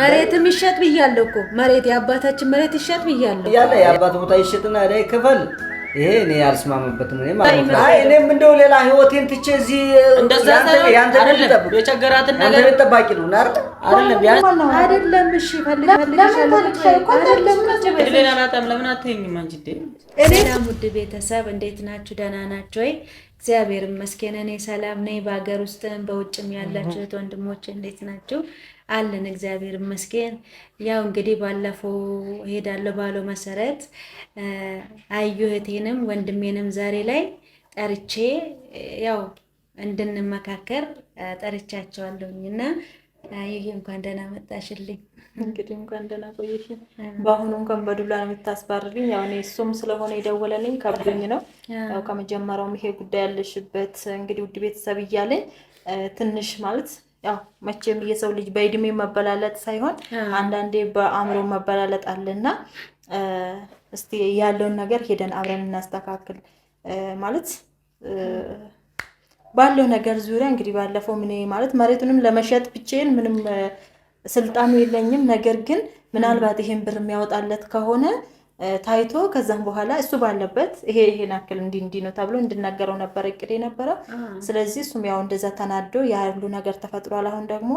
መሬትም ይሸጥ ብያለሁ እኮ መሬት የአባታችን መሬት ይሸጥ ብያለሁ ያለ የአባት ቦታ ይሸጥና ላይ ክፈል። ይሄ እኔ ያልስማምበትም እኔ እኔም እንደው ሌላ ህይወቴን ትቼ እዚህ የቸገራትን ነገር ጠባቂ ነው ናርጥ አይደለም እሺ ፈልግ ለምን አትይኝም እኔ ሙድ ቤተሰብ እንዴት ናችሁ? ደህና ናችሁ ወይ? እግዚአብሔር ይመስገን እኔ ሰላም ነኝ። በሀገር ውስጥም በውጭም ያላችሁት ወንድሞች እንዴት ናችሁ? አለን እግዚአብሔር ይመስገን። ያው እንግዲህ ባለፈው እሄዳለሁ ባለው መሰረት አዩ እህቴንም ወንድሜንም ዛሬ ላይ ጠርቼ ያው እንድንመካከር ጠርቻቸዋለሁኝ እና ይህ እንኳን ደህና መጣሽልኝ። እንግዲህ እንኳን ደህና ቆየሽኝ። በአሁኑ እንኳን በዱላ ነው የምታስባርልኝ። ያው እኔ እሱም ስለሆነ የደወለልኝ ከብዶኝ ነው። ያው ከመጀመሪያውም ይሄ ጉዳይ ያለሽበት እንግዲህ ውድ ቤተሰብ እያለኝ ትንሽ ማለት ያው መቼም የሰው ልጅ በእድሜ መበላለጥ ሳይሆን አንዳንዴ በአእምሮ መበላለጥ አለና እስቲ ያለውን ነገር ሄደን አብረን እናስተካክል ማለት ባለው ነገር ዙሪያ እንግዲህ ባለፈው ምን ማለት መሬቱንም ለመሸጥ ብቻዬን ምንም ስልጣኑ የለኝም። ነገር ግን ምናልባት ይሄን ብር የሚያወጣለት ከሆነ ታይቶ ከዛም በኋላ እሱ ባለበት ይሄ ይሄን አክል እንዲ እንዲ ነው ተብሎ እንድናገረው ነበር እቅድ የነበረው። ስለዚህ እሱም ያው እንደዛ ተናዶ ያሉ ነገር ተፈጥሯል። አሁን ደግሞ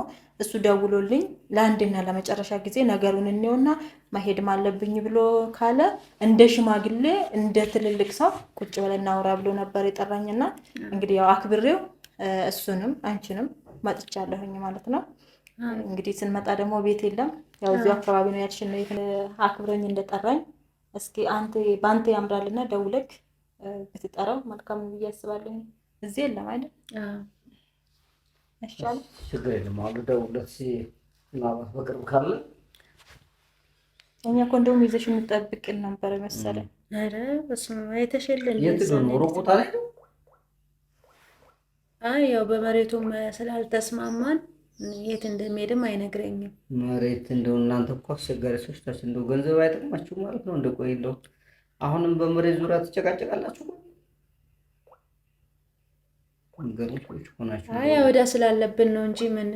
እሱ ደውሎልኝ ለአንድና ለመጨረሻ ጊዜ ነገሩን እንየውና መሄድም አለብኝ ብሎ ካለ እንደ ሽማግሌ እንደ ትልልቅ ሰው ቁጭ ብለን እናውራ ብሎ ነበር የጠራኝና እንግዲህ ያው አክብሬው እሱንም አንቺንም መጥቻለሁኝ ማለት ነው። እንግዲህ ስንመጣ ደግሞ ቤት የለም ያው እዚሁ አካባቢ ነው ያልሽን አክብረኝ እንደጠራኝ እስኪ በአንተ ያምራልና ደውለክ ብትጠራው መልካም ነው ብዬ አስባለሁ። እዚህ የለም አይደል? ይሻላል። ችግር የለም አሉ ደውለት ምናልባት በቅርብ ካለ እኛ እኮ እንደውም ይዘሽ የምጠብቅን ነበረ መሰለ ኧረ በስመ አብ የተሸለን ሩቅ ቦታ ላይ አይ ያው በመሬቱም ስላልተስማማን የት እንደሚሄድም አይነግረኝም። መሬት እንደው እናንተ እኮ አስቸጋሪ ሰዎች እንደው ገንዘብ አይጠቅማችሁ ማለት ነው። እንደ ቆይ እንደው አሁንም በመሬት ዙሪያ ትጨቃጨቃላችሁ። አይ ወዳ ስላለብን ነው እንጂ ምን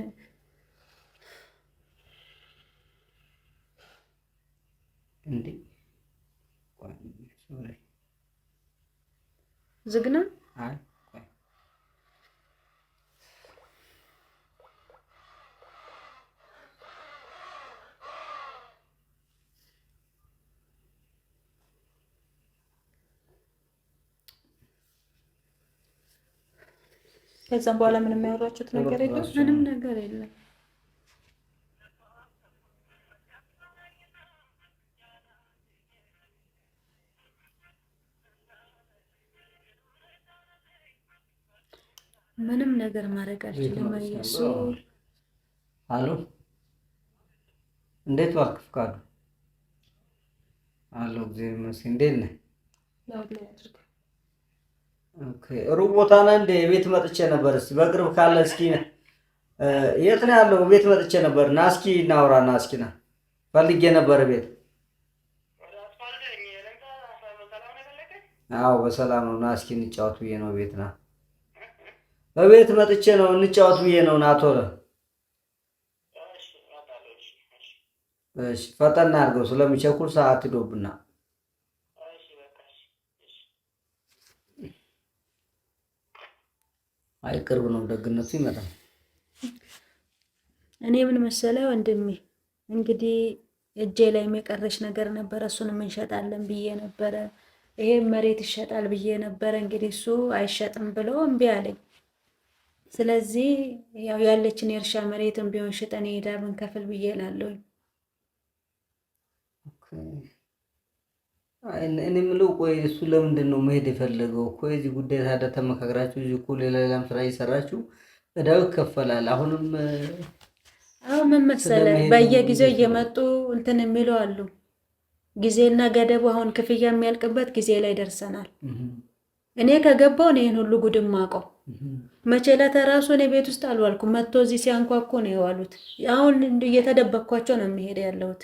ዝግና ከዛም በኋላ ምንም የሚያወራችሁት ነገር የለም? ምንም ነገር የለም። ምንም ነገር ማድረግ አልችልም። እሱ አሉ እንዴት ዋልክ ፍቃዱ? አሉ እግዚአብሔር ይመስገን። እንዴት ነህ? ሩቅ ቦታ ነህ እንደ ቤት መጥቼ ነበር። እስኪ በቅርብ ካለ እስኪ የት ነው ያለው? ቤት መጥቼ ነበር። ና እስኪ እናውራ። ና እስኪ ና ፈልጌ ነበር ቤት። አዎ በሰላም ነው። ና እስኪ እንጫወት ብዬ ነው ቤት ና። በቤት መጥቼ ነው እንጫወት ብዬ ነው። ና ቶሎ። ፈጠና አድርገው ስለሚቸኩል ሰዓት ሂዶብና አይ ቅርብ ነው ደግነቱ ይመጣል። እኔ ምን መሰለ ወንድሜ እንግዲህ እጄ ላይ የቀረች ነገር ነበረ። እሱንም እንሸጣለን ብዬ ነበረ። ይሄ መሬት ይሸጣል ብዬ ነበረ። እንግዲህ እሱ አይሸጥም ብሎ እምቢ አለኝ። ስለዚህ ያው ያለችን የእርሻ መሬትን ቢሆን ሽጠን ሄዳ ብንከፍል ብዬ እላለሁኝ። እኔ ምለው ቆይ እሱ ለምንድን ነው መሄድ የፈለገው? እኮ የዚህ ጉዳይ ታዲያ ተመካክራችሁ እዚህ እኮ ሌላ ሌላም ስራ እየሰራችሁ እዳው ይከፈላል። አሁንም አሁን ምን መሰለህ በየጊዜው እየመጡ እንትን የሚሉ አሉ። ጊዜና ገደቡ አሁን ክፍያ የሚያልቅበት ጊዜ ላይ ደርሰናል። እኔ ከገባው ነው ይህን ሁሉ ጉድም አውቀው መቼ ለተራሱ እኔ ቤት ውስጥ አልዋልኩ። መጥቶ እዚህ ሲያንኳኩ ነው የዋሉት። አሁን እየተደበቅኳቸው ነው የሚሄድ ያለሁት።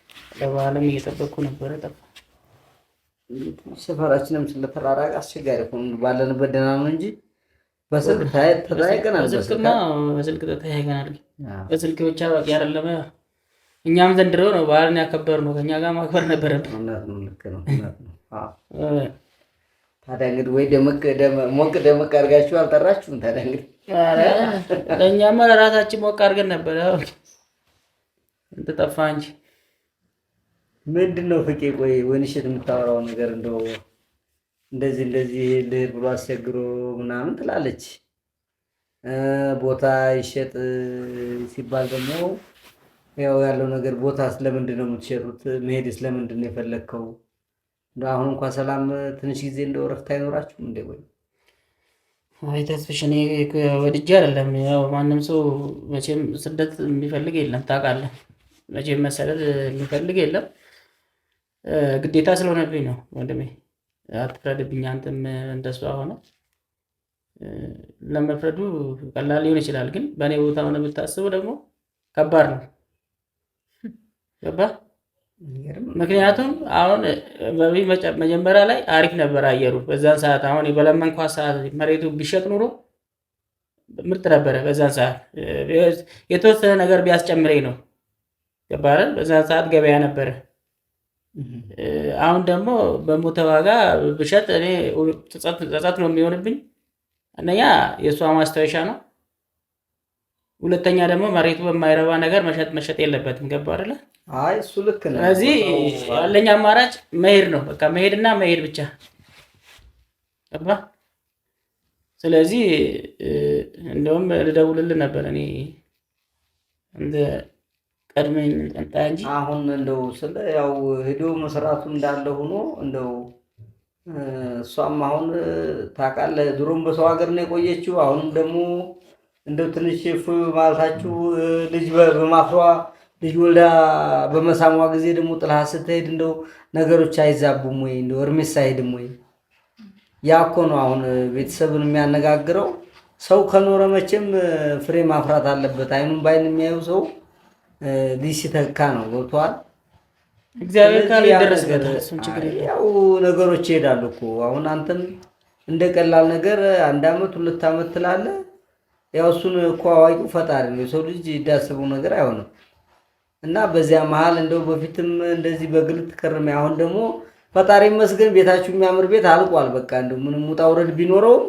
ለበዓልም እየጠበቅኩ ነበረ። ጠፋ። ሰፈራችንም ስለተራራቀ አስቸጋሪ ሆኖ ባለንበት ደህና ነው እንጂ በስልክ ተጠያይቀናል። በስልክ ተጠያይቀናል። በስልክ ብቻ በቂ አይደለም። እኛም ዘንድሮ ነው በዓልን ያከበር ነው። ከኛ ጋር ማክበር ነበረብን። ታዲያ እንግዲህ ወይ ሞቅ ደመቅ አድርጋችሁ አልጠራችሁም? ታዲያ እንግዲህ ለእኛማ ለራሳችን ሞቅ አድርገን ነበረ። እንትን እንጂ ምንድን ነው ፍቄ? ቆይ ወይንሸት የምታወራው ነገር እንደው እንደዚህ እንደዚህ ልሄድ ብሎ አስቸግሮ ምናምን ትላለች። ቦታ ይሸጥ ሲባል ደግሞ ያው ያለው ነገር ቦታ ስለምንድን ነው የምትሸጡት? መሄድ ስለምንድን ነው የፈለግከው? አሁን እንኳ ሰላም ትንሽ ጊዜ እንደው እረፍት አይኖራችሁም እንዴ? ወይ አይ ተስፍሽ፣ እኔ ወድጄ አይደለም። ያው ማንም ሰው መቼም ስደት የሚፈልግ የለም ታውቃለህ። መቼም መሰደድ የሚፈልግ የለም ግዴታ ስለሆነብኝ ነው። ወንድሜ አትፍረድብኝ። አንተም እንደሷ ሆነ ለመፍረዱ ቀላል ሊሆን ይችላል፣ ግን በእኔ ቦታ ሆነ የምታስቡ ደግሞ ከባድ ነው። ገባ? ምክንያቱም አሁን መጀመሪያ ላይ አሪፍ ነበር አየሩ በዛን ሰዓት። አሁን በለመንኳ ሰዓት መሬቱ ቢሸጥ ኑሮ ምርጥ ነበረ። በዛን ሰዓት የተወሰነ ነገር ቢያስጨምረኝ ነው። ገባህ? በዛን ሰዓት ገበያ ነበረ። አሁን ደግሞ በሞተ ዋጋ ብሸጥ እኔ ጸጸት ነው የሚሆንብኝ። አንደኛ የእሷ ማስታወሻ ነው፣ ሁለተኛ ደግሞ መሬቱ በማይረባ ነገር መሸጥ መሸጥ የለበትም። ገባ አይደለ? አይ እሱ ልክ ነው። ስለዚህ ያለኝ አማራጭ መሄድ ነው፣ በቃ መሄድና መሄድ ብቻ። ገባ? ስለዚህ እንደውም ልደውልልህ ነበር እኔ ቀድሞ ልምጣ እንጂ አሁን እንደው ስለ ያው ሄዶ መስራቱ እንዳለ ሆኖ እንደው እሷም አሁን ታውቃለህ፣ ድሮም በሰው ሀገር ነው የቆየችው። አሁንም ደግሞ እንደው ትንሽ ፍ ማለታችሁ ልጅ በማፍሯ ልጅ ወልዳ በመሳሟ ጊዜ ደግሞ ጥላ ስትሄድ እንደው ነገሮች አይዛቡም ወይ? እንደው እርሜስ አይሄድም ወይ? ያ እኮ ነው አሁን ቤተሰብን የሚያነጋግረው። ሰው ከኖረ መቼም ፍሬ ማፍራት አለበት። አይኑን በአይን የሚያየው ሰው ሊሲተካ ሲተካ ነው። ገብተዋል። እግዚአብሔር ካለ ይደረስበታል። ያው ነገሮች ይሄዳሉ እኮ አሁን አንተም እንደ ቀላል ነገር አንድ አመት ሁለት አመት ትላለ ያው እሱን እኮ አዋቂው ፈጣሪ ነው። የሰው ልጅ ይዳስበው ነገር አይሆንም እና በዚያ መሀል እንደው በፊትም እንደዚህ በግል ትከርም፣ አሁን ደግሞ ፈጣሪ ይመስገን ቤታችሁ የሚያምር ቤት አልቋል። በቃ እንደው ምንም ውጣ ውረድ ቢኖረውም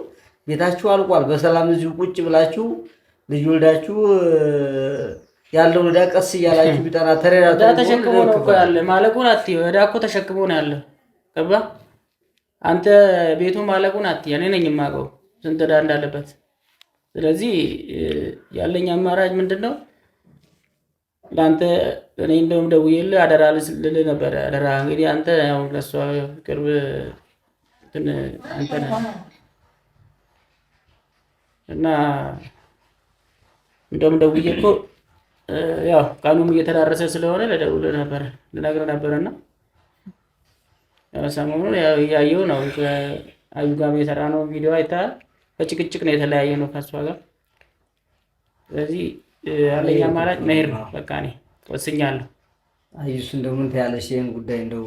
ቤታችሁ አልቋል። በሰላም እዚሁ ቁጭ ብላችሁ ልጅ ወልዳችሁ ያለውን ዕዳ ቀስ እያላችሁ ቢጠና ተሬዳ ተሸክሞ ነው እኮ ያለ ማለቁን አት ዕዳ እኮ ተሸክሞ ነው ያለ። ገባ አንተ ቤቱ ማለቁን አት እኔ ነኝ የማውቀው ስንት ዕዳ እንዳለበት። ስለዚህ ያለኝ አማራጭ ምንድን ነው? ለአንተ እኔ እንደውም ደውዬልህ አደራ ልልህ ነበረ። አደራ እንግዲህ አንተ ያው ለእሷ ቅርብ አንተ ነህ እና እንደውም ደውዬ እኮ ያው ቀኑም እየተዳረሰ ስለሆነ ለደውሎ ነበረ ልነግርህ ነበረና ሰሞኑን እያየው ነው። አዩ ጋር የሰራ ነው ቪዲዮ አይተሃል። በጭቅጭቅ ነው የተለያየ ነው ከሷ ጋር። ስለዚህ ያለኝ አማራጭ መሄድ ነው። በቃ እኔ ወስኛለሁ። አዩስ እንደው ምን ትያለሽ? ይህን ጉዳይ እንደው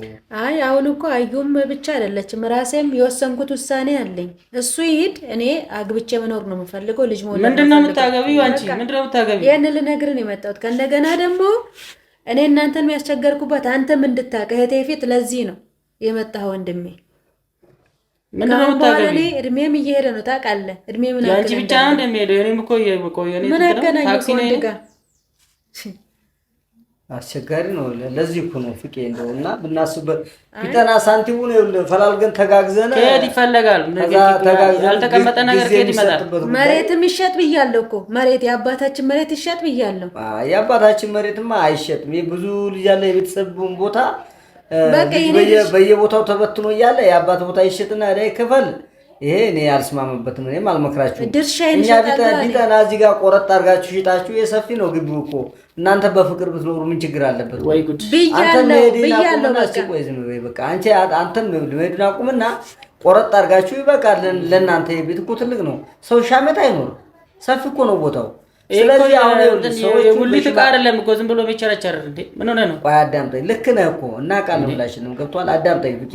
አይ አሁን እኮ አዩም ብቻ አይደለችም፣ ራሴም የወሰንኩት ውሳኔ አለኝ። እሱ ይሂድ፣ እኔ አግብቼ መኖር ነው የምፈልገው። ልጅ ሞላ ምንድነው የምታገቢው አንቺ? ምንድነው የምታገቢው? ይህን ልነግርህ ነው የመጣሁት። ከእንደገና ደግሞ እኔ እናንተን የሚያስቸገርኩበት አንተም እንድታውቅ እህቴ ፊት፣ ለዚህ ነው የመጣህ ወንድሜ። ምንድነው የምታገቢው? እኔ እድሜም እየሄደ ነው ታውቃለህ። እድሜ ምን ያንቺ ብቻ ነው እንደሚሄደው። እኔም እኮ እየቆየ ምን አገናኘው ከወንድ ጋር አስቸጋሪ ነው። ለዚህ እኮ ነው ፍቄ እንደው እና ብናስበት ቢጠና ሳንቲሙን ፈላልገን ተጋግዘን ከየት ይፈለጋል? ያልተቀመጠ ነገር ከየት ይመጣል? መሬትም ይሸጥ ብያለሁ እኮ መሬት የአባታችን መሬት ይሸጥ ብያለሁ። የአባታችን መሬትማ አይሸጥም። ብዙ ልጅ ያለ የቤተሰቡን ቦታ በየቦታው ተበትኖ እያለ የአባት ቦታ ይሸጥና ዳ ይከፈል። ይሄ እኔ ያልስማምበትም እኔም አልመክራችሁም። እኛ ቢጠና እዚህ ጋር ቆረጥ አድርጋችሁ ሽጣችሁ የሰፊ ነው ግቢው እኮ እናንተ በፍቅር ብትኖሩ ምን ችግር አለበት? ወይ ጉድ አንተም አቁምና ቆረጥ አድርጋችሁ ይበቃል። ለእናንተ የቤት እኮ ትልቅ ነው። ሰው ሺህ ዓመት አይኖርም። ሰፊ እኮ ነው ቦታው። ስለዚህ አሁን ዝም ብሎ እንዴ! ምን ነው? ቆይ አዳምጠኝ። ልክ ነህ እኮ እና ቃል ገብቷል። አዳምጠኝ ብቄ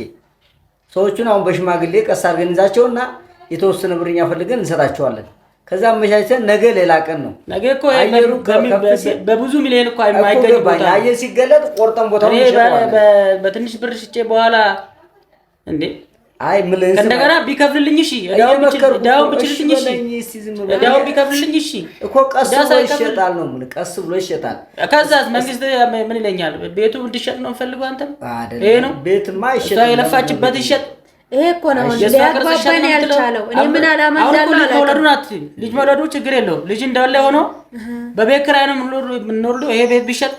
ሰዎቹን አሁን በሽማግሌ ቀስ አድርገን ይዛቸውና የተወሰነ ብርኛ ፈልገን እንሰጣቸዋለን። ከዛ አመቻችተን ነገ ሌላ ቀን ነው። ነገ እኮ በብዙ ሚሊዮን እኮ የማይገኝ ቦታ አየር ሲገለጥ ቆርጠን ቦታ በትንሽ ብር ሽጬ በኋላ እንዴ አይ ምልህ እንደገና ቢከፍልልኝ እሺ፣ እዳው ቢችልልኝ እሺ፣ እዳው ቢከፍልልኝ እሺ እኮ ቀስ ብሎ ይሸጣል ነው የምልህ። ቀስ ብሎ ይሸጣል። ከዛ መንግስት ምን ይለኛል? ቤቱ እንዲሸጥ ነው የምፈልገው። አንተም ይሄ ነው ቤትማ ይሸጥ፣ የለፋችበት ይሸጥ ይሄ እኮ ነው ሊያግባባን ያልቻለው። እኔ ምን አላማ ልጅ መውለዱ ችግር የለውም። ልጅ እንዳለ ሆኖ በቤት ኪራይ ነው የምንወልደው። ይሄ ቤት ቢሸጥ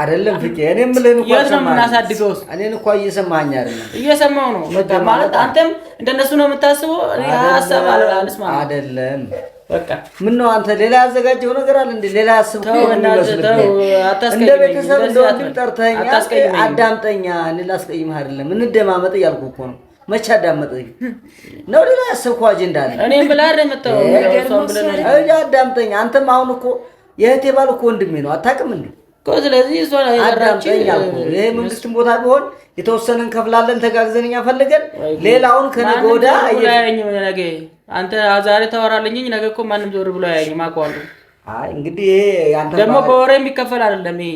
አይደለም ፍቄ፣ እኔ የምልህን እኮ የምናሳድገው እኔን እኮ እየሰማኸኝ አይደለም? እየሰማሁ ነው ማለት አንተም እንደነሱ ነው የምታስበው። ሀሳብ አልስማ አይደለም። በቃ ምን ነው አንተ ሌላ ያዘጋጀው ነገር አለ እንዴ? ሌላ እንደ ቤተሰብ እንደወንድም ጠርተኸኝ አዳምጠኛ። ሌላ አስቀይምህ አይደለም፣ እንደማመጥ እያልኩህ እኮ ነው መቼ አዳመጠኝ ነው? ሌላ ያሰብኩ አጀንዳ አለ። እኔ ብላ መጣሁ አዳምጠኝ። አንተም አሁን እኮ የእህቴ ባል እኮ ወንድሜ ነው፣ አታውቅም እንዴ? ስለዚህ አዳምጠኝ ይሄ መንግስትን ቦታ ቢሆን የተወሰነ እንከፍላለን፣ ተጋግዘን ፈልገን ሌላውን ከነገ ወዲያ ነገ አንተ ዛሬ ታወራለኝ፣ ነገ እኮ ማንም ዞር ብሎ አያየኝም። አውቀዋለሁ። አይ እንግዲህ ይሄ ደግሞ በወሬ የሚከፈል አይደለም። ይሄ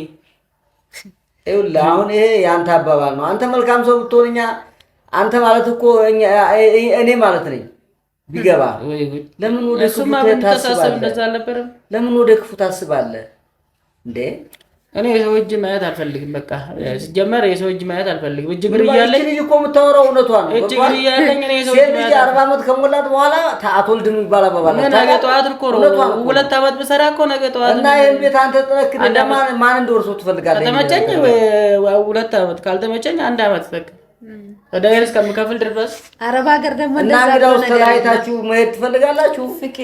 ይኸውልህ አሁን ይሄ ያንተ አባባል ነው። አንተ መልካም ሰው ብትሆን እኛ አንተ ማለት እኮ እኔ ማለት ነኝ። ቢገባ ለምን ወደ ክፉ ታስባለህ? ለምን ወደ ክፉ ታስባለህ እንዴ? እኔ የሰው እጅ ማየት አልፈልግም። በቃ ሲጀመር የሰው እጅ ማየት አልፈልግም። እጅ ግር እያለኝ ልጅ እኮ የምታወራው እውነቷን ነው። እጅ ግር እያለኝ እኔ የሰው እጅ ልጅ አርባ ዓመት ከሞላት በኋላ አትወልድ የሚባል አባባል ነው። ነገ ጠዋት እኮ ነው ሁለት ዓመት ብሰራ እኮ ነገ ጠዋት እና ይሄን ቤት አንተ ጥረክ ማን እንደወርሶ ትፈልጋለህ? ከተመቸኝ ሁለት ዓመት ካልተመቸኝ አንድ ዓመት በቃ ተደገል እስከምከፍል ድረስ አረብ ሀገር ደግሞ እና እንግዳው ተለያይታችሁ መሄድ ትፈልጋላችሁ? ፍቄ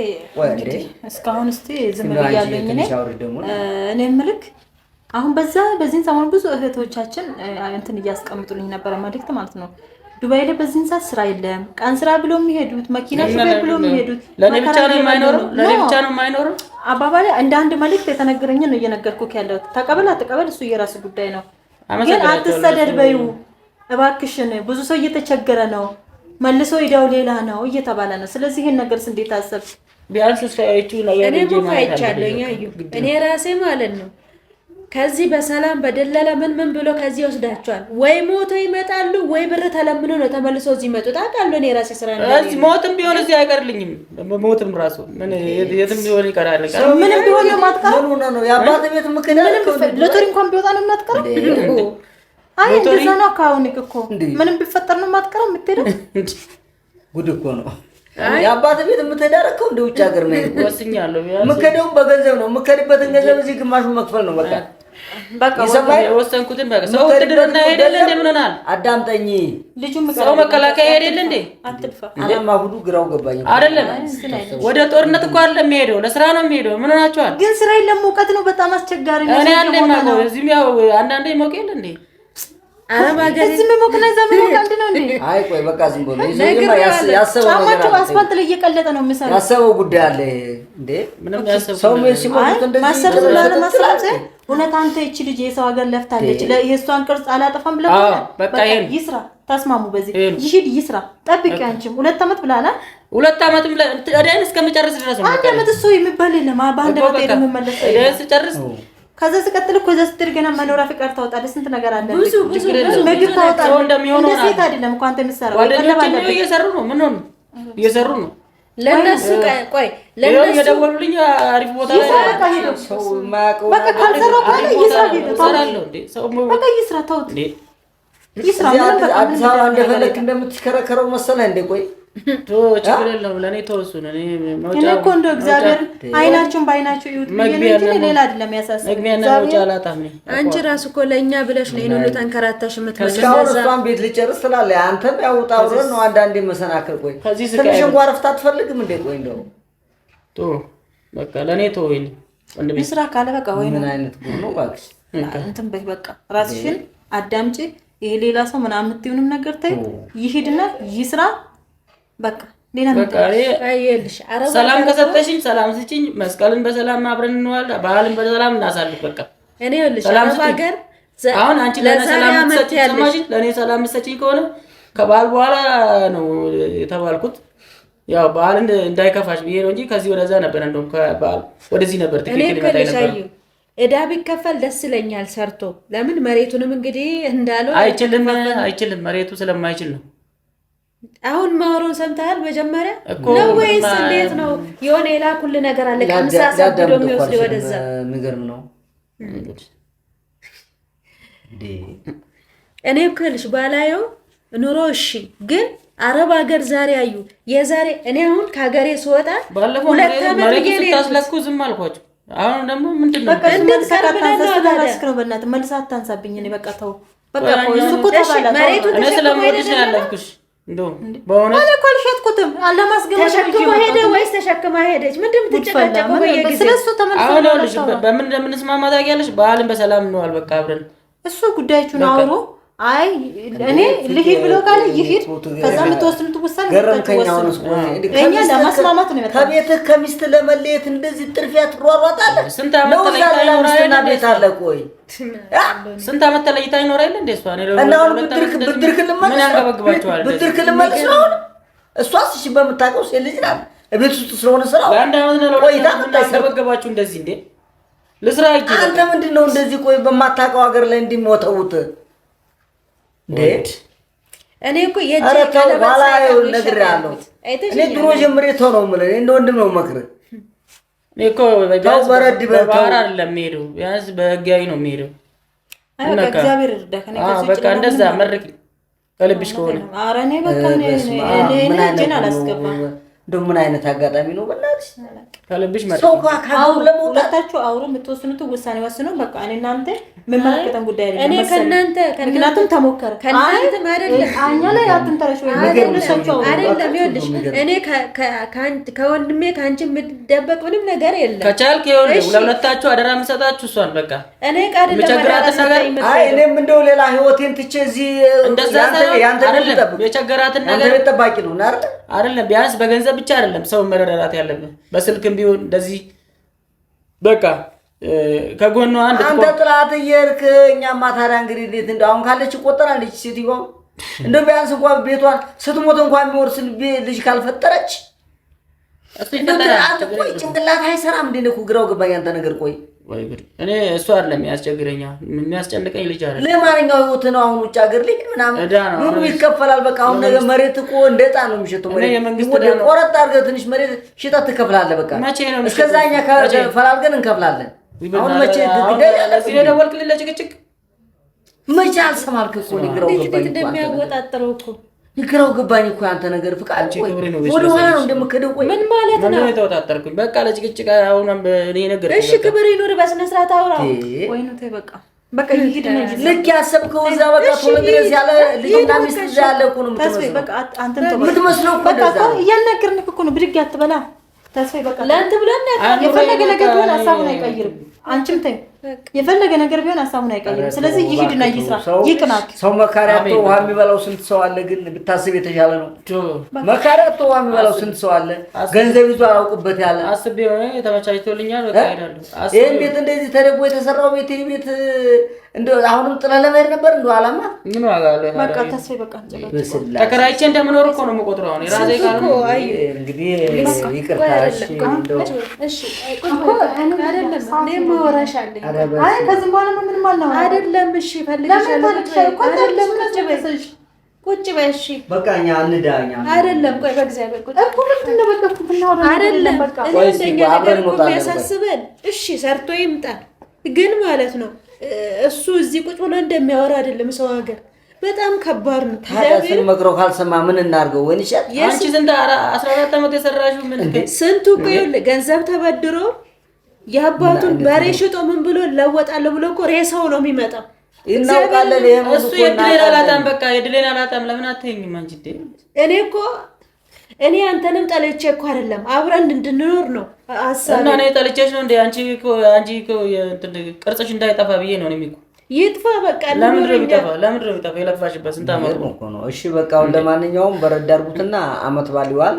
እስካሁን እስቲ ዝም ብያለኝ እኔ እኔ ምልክ አሁን በዛ በዚህን ሰሞን ብዙ እህቶቻችን እንትን እያስቀምጡልኝ ነበረ መልእክት ማለት ነው። ዱባይ ላይ በዚህን ሰዓት ስራ የለም። ቀን ስራ ብሎ የሚሄዱት መኪና ሹፌር ብሎ የሚሄዱት ለኔ ብቻ ነው የማይኖረው፣ ለኔ ብቻ ነው የማይኖረው። አባባሌ እንደ አንድ መልእክት የተነገረኝን ነው እየነገርኩህ ያለሁት። ተቀበል አትቀበል እሱ የራስ ጉዳይ ነው፣ ግን አትሰደድ በይው እባክሽን ብዙ ሰው እየተቸገረ ነው፣ መልሶ ሄዳው ሌላ ነው እየተባለ ነው። ስለዚህ ይህን ነገርስ እንዴት አሰብሽ? ቢያንስ እኔ ራሴ ማለት ነው ከዚህ በሰላም በደለለ ምን ምን ብሎ ከዚህ ይወስዳቸዋል። ወይ ሞቶ ይመጣሉ፣ ወይ ብር ተለምኖ ነው ተመልሶ እዚህ ይመጡ። ታውቃለህ፣ እኔ ራሴ ስራ ሞትም ቢሆን እዚህ አይቀርልኝም። ሞትም ራሱ የትም ቢሆን ይቀራል። ምንም ቢሆን ነው ማትቀር ነው። የአባት ቤት ምክንያት ልትሪ እንኳን ቢወጣ ነው የማትቀር አይ እንደዛ ነው። አሁን እኮ ምንም ቢፈጠር ነው የማትቀረው የምትሄደው። ጉድ እኮ ነው የአባት ቤት የምትዳረከው እንደ ውጭ ሀገር ነው ወስኛለሁ። የምከደውን በገንዘብ ነው የምከድበትን ገንዘብ እዚህ ግማሹ መክፈል ነው በቃ በቃ ወሰንኩትን። በቃ ሰው አዳምጠኝ። ሰው መከላከያ ሄደል እንዴ? አትልፋ። አለማ ሁሉ ግራው ገባኝ። አይደለም ወደ ጦርነት እኮ አለ የሚሄደው፣ ለስራ ነው የሚሄደው። ምን ሆናችኋል? ግን ስራ የለም ሙቀት ነው በጣም አስቸጋሪ ነው። እኔ አለ እዚህም ያው አንዳንዴ ሞቅ የለ እንዴ አረብ ሀገር እዚህ መሞክና ያሰበው ጉዳይ አለ እውነት አንተ እቺ ልጅ የሰው ሀገር ለፍታለች፣ የእሷን ቅርጽ አላጠፋም ብለህ በቃ ይስራ ታስማሙ በዚህ ይሄድ ይስራ። ጠብቂ። አንቺም ሁለት ዓመት ብላላ ሁለት ዓመት እስከምጨርስ ድረስ አንድ ዓመት እሱ የሚባል የለም። በአንድ ዓመት ነው የምመለሰው ከዛ ስቀጥል እኮ እዛ ስትል ገና መኖሪያ ፍቃድ ታወጣለህ። ስንት ነገር አለ። ብዙ ብዙ ምግብ ታወጣለህ። እንደ ሴት አይደለም እኮ አንተ የምትሰራው። እየሰሩ ነው። ምን ሆኑ? እየሰሩ ነው። ለነሱ ቆይ ለነሱ የደወሉልኝ አሪፍ ቦታ ላይ ሰው ማቀው በቃ ካልሰራ በኋላ ይስራ ሄዱ ታውቃለህ። በቃ ይስራ ታውት ይስራ። አዲስ አበባ እንደፈለክ እንደምትሽከረከረው መሰለህ እንዴ? ቆይ እኮ እንደው እግዚአብሔር አይናችሁን በአይናችሁ ይሁት ሌላ አይደለም ያሳስብ። አንቺ ራሱ እኮ ለእኛ ብለሽ ነው ይህን ተንከራታሽ የምትመጣው። ቤት ልጨርስ ትላለህ። አንተም ያው ውጣ ውረድ ነው አንዳንዴ መሰናክል። ቆይ ትንሽ እንኳ ረፍት አትፈልግም እንዴ? ቆይ እንደው በቃ ለእኔ ተወኝ ስራ ካለ በቃ ወይ ምን አይነት ነው እባክሽ፣ እንትን በይ በቃ ራስሽን አዳምጪ። ይሄ ሌላ ሰው ምናምን የምትይውንም ነገር ተይ። ይሄድና ይህ በቃ ሰላም ከሰጠሽኝ ሰላም ስጭኝ። መስቀልን በሰላም አብረን እንዋል፣ በዓልን በሰላም እናሳልፍ። በቃ እኔ ይኸውልሽ አሁን አንቺ ለእኔ ሰላም ሰማሽኝ፣ ከሆነ ከበዓል በኋላ ነው የተባልኩት። ያው በዓል እንዳይከፋሽ ብዬ ነው እንጂ ከዚህ ወደዛ ነበር፣ እንደውም ከበዓል ወደዚህ ነበር ትክክል ነበር። እዳ ቢከፈል ደስ ይለኛል። ሰርቶ ለምን መሬቱንም እንግዲህ እንዳለው አይችልም፣ አይችልም መሬቱ ስለማይችል ነው አሁን ማውረውን ሰምተሃል? መጀመሪያ ነው ወይስ እንዴት ነው? የሆነ የላኩል ነገር አለ ቀምሳ ሰብዶ የሚወስድ ወደዛ የሚገርም ነው። እኔ ክልሽ ባላየው ኑሮ እሺ፣ ግን አረብ ሀገር ዛሬ አዩ የዛሬ እኔ አሁን ከሀገሬ ስወጣ ሁለት ዓመት ዝም አልኳቸው። አሁን ደግሞ ምንድን ነው በእናትህ መልሳ አታንሳብኝ። በቃ ተው፣ በቃ እሱ እኮ ተሸክሞ ሄደሽ ነው አልሸጥኩትም ተሸክሞ ሄደ ወይስ ተሸክማ ሄደች? ምንድን ስለሱ በምን እንደምንስማማ ታውቂያለሽ። በዓልን በሰላም እንዋል በቃ አብረን እሱ ጉዳያችሁን አውሮ አይ እኔ ልሂድ ብሎ ካለ ይሂድ። ከዛ የምትወስኑት ውሳኔ እኛ ለማስማማት ነው። ከቤት ከሚስት ለመለየት እንደዚህ ጥርፊያ ትሯሯጣለህ። ለውዛለላምስትና ቤት አለ። ቆይ ስንት ዓመት ተለይታ ይኖር የለ እንደ እሷ እና አሁን ብድርክ ልመልስ ብድርክ ልመልስ ነው አሁን እሷስ እሺ በምታውቀው ሴት ልጅ ናት። እቤት ውስጥ ስለሆነ ስራ ቆይታ ምታሰበገባችሁ እንደዚህ እንዴ ልስራ አንተ ምንድን ነው እንደዚህ ቆይ በማታውቀው ሀገር ላይ እንዲሞተውት እኔ እኮ እኔ ድሮ ጀምሬ ተው ነው የምልህ። እንደ ወንድም ነው የምመክርህ። እኔ እኮ በረድ በባህር አይደለም የምሄደው፣ ቢያንስ በህጋዊ ነው የምሄደው። በቃ እንደዛ መርቅ ከልብሽ ከሆነ ኧረ እኔ በቃ ምን አላስገባም እንደው ምን አይነት አጋጣሚ ነው? በላሽ ካለብሽ ማለት ሰው አውሩ። የምትወስኑት ውሳኔ ወስኖ በቃ እኔ እናንተ የምመለከተን ጉዳይ አይደለም። እኔ ከእናንተ ምክንያቱም ተሞከረ ከእናንተም አይደለም አኛ ላይ አትንተረሽ አይደለም። ይኸውልሽ እኔ ከወንድሜ ከአንቺ የምትደበቅ ምንም ነገር የለም። ከቻልክ ይኸውልሽ ለሁለታችሁ አደራ የምሰጣችሁ እሷን በቃ እኔ ቃል ለማድረግ አይ እኔም እንደው ሌላ ህይወቴን ትቼ እዚህ እንደዛ ያንተ አይደለም የቸገራትን ነገር ጠባቂ ነው አይደል? አይደለም ቢያንስ በገንዘብ ብቻ አይደለም ሰው መረዳዳት ያለብህ። በስልክም ቢሆን እንደዚህ በቃ ከጎኑ አንድ አንተ ጥላት እየሄድክ እኛ ታዲያ እንግዲህ እንዴት እንደ አሁን ካለች ቆጠራለች ሴትዮዋ እንደ ቢያንስ እንኳ ቤቷን ስትሞት እንኳ የሚወርስ ልጅ ካልፈጠረች ቆይ ጭንቅላት አይሰራም። እንዴ ግራው ገባኝ። አንተ ነገር ቆይ ወይ ጉድ! እኔ እሱ አይደለም የሚያስቸግረኝ፣ የሚያስጨንቀኝ ልጅ አይደለም። ለማንኛው ህይወት ነው። አሁን ውጭ ሀገር ልጅ ምናምን ዕዳ ነው ሁሉ ይከፈላል። በቃ አሁን ነገር መሬት እኮ እንደ ዕጣ ነው የሚሸጠው። እኔ የመንግስት ዕዳ ነው። ቆረጥ አድርገህ ትንሽ መሬት ሽጣ ትከፍላለህ። በቃ መቼ ነው እስከዛ እኛ ፈላልገን እንከፍላለን። አሁን መቼ ደወልክልኝ ለጭቅጭቅ? መቼ አልሰማልክ እኮ ንግረው እንደሚያወጣጥረው እኮ ግራው ገባኝ እኮ ያንተ ነገር ፍቃድ ወደ ኋላ ነው እንደምከደው። ቆይ ምን ማለት ነው? ተወጣጠርኩኝ። በቃ ለጭቅጭቅ አሁን እኔ ነገር እሺ፣ ክብር ይኑር። በስነ ስርዓት አውራ። ወይ ነው ተይ፣ በቃ በቃ ይሄድ ነው ልክ ያሰብከው እዛ በቃ ቶሎ ድረስ ያለ ልጅና ሚስት እዛ ያለ እኮ ነው የምትመስለው። በቃ አንተም ተወው የምትመስለው እኮ በቃ እኮ እያናገርንህ እኮ ነው። ብድግ አትበላ ተስፋዬ። በቃ ለአንተ ብለህ የፈለገ ነገር ቢሆን ሀሳቡን አይቀይርም። አንቺም ተይው የፈለገ ነገር ቢሆን ሀሳቡን አይቀይም። ስለዚህ ይሂድና ይስራ፣ ይቅናት። ሰው መካሪያ አጥቶ ውሃ የሚበላው ስንት ሰው አለ? ግን ብታስብ የተሻለ ነው። መካሪያ አጥቶ ውሃ የሚበላው ስንት ሰው አለ? ገንዘብ ይዞ አላውቅበት ያለ አስቤ ሆነ የተመቻችቶልኛል። ይህን ቤት እንደዚህ ተደቦ የተሰራው ቤት ይህ ቤት እንደ አሁንም ጥለህ ለመሄድ ነበር እንደ አላማ ምን ዋጋ አለው? በቃ ተስፋ በቃ ተከራይቼ እንደምኖር እኮ ነው የምቆጥረው። አሁን የራሴ ጋር ነው እንግዲህ። ይቅርታ እሺ፣ እሺ፣ አይቆም አይደለም። እኔም ማወራሽ አይ ከዚህም በኋላ ምንም አናወራም። አይደለም እሺ፣ ፈልግሻለሁ። ቁጭ በይ እሺ። በቃ እኛ እንዳኛ አይደለም። ቆይ በእግዚአብሔር ቁጭ እኮ ምንድን ነው በቃ ብናወራ አይደለም። በቃ እንደኛ ነገር እኮ የሚያሳስበን እሺ፣ ሰርቶ ይምጣ ግን ማለት ነው እሱ እዚህ ቁጭ ብሎ እንደሚያወራ አይደለም ሰው ሀገር በጣም ከባድ ነው። ታዲያ መክረው ካልሰማ ምን እናድርገው? ወይን ይሻል አንቺ ስንት አስራ አራት ዓመት የሰራሽው ምን ስንቱ ገንዘብ ተበድሮ የአባቱን በሬ ሽጦ ምን ብሎ ለወጣለሁ ብሎ እኮ ሬሳው ነው የሚመጣው። እናውቃለን። እሱ የድሌን አላጣም፣ በቃ የድሌን አላጣም። ለምን አትይኝም አንቺ? እኔ እኮ እኔ አንተንም ጠልቼ እኮ አይደለም አብረን እንድንኖር ነው እና እኔ ጠልቼሽ ነው እንደ አንቺ ቅርጽሽ እንዳይጠፋ ብዬ ነው እኔም እኮ ይጥፋ በቃ ለምድር ቢጠፋ ለምድር ቢጠፋ የለፋሽበት ስንት ዓመት ነው? እሺ በቃ አሁን ለማንኛውም በረዳ አድርጉትና አመት ባል ይዋል።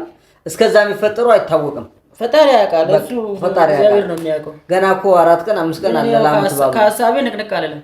እስከዛ የሚፈጠሩ አይታወቅም። ፈጣሪ ያውቃል። እሱ ፈጣሪ ነው ገና እኮ አራት ቀን አምስት ቀን አለ ለአመት ባሉ ከሀሳቤ ንቅንቅ አለለም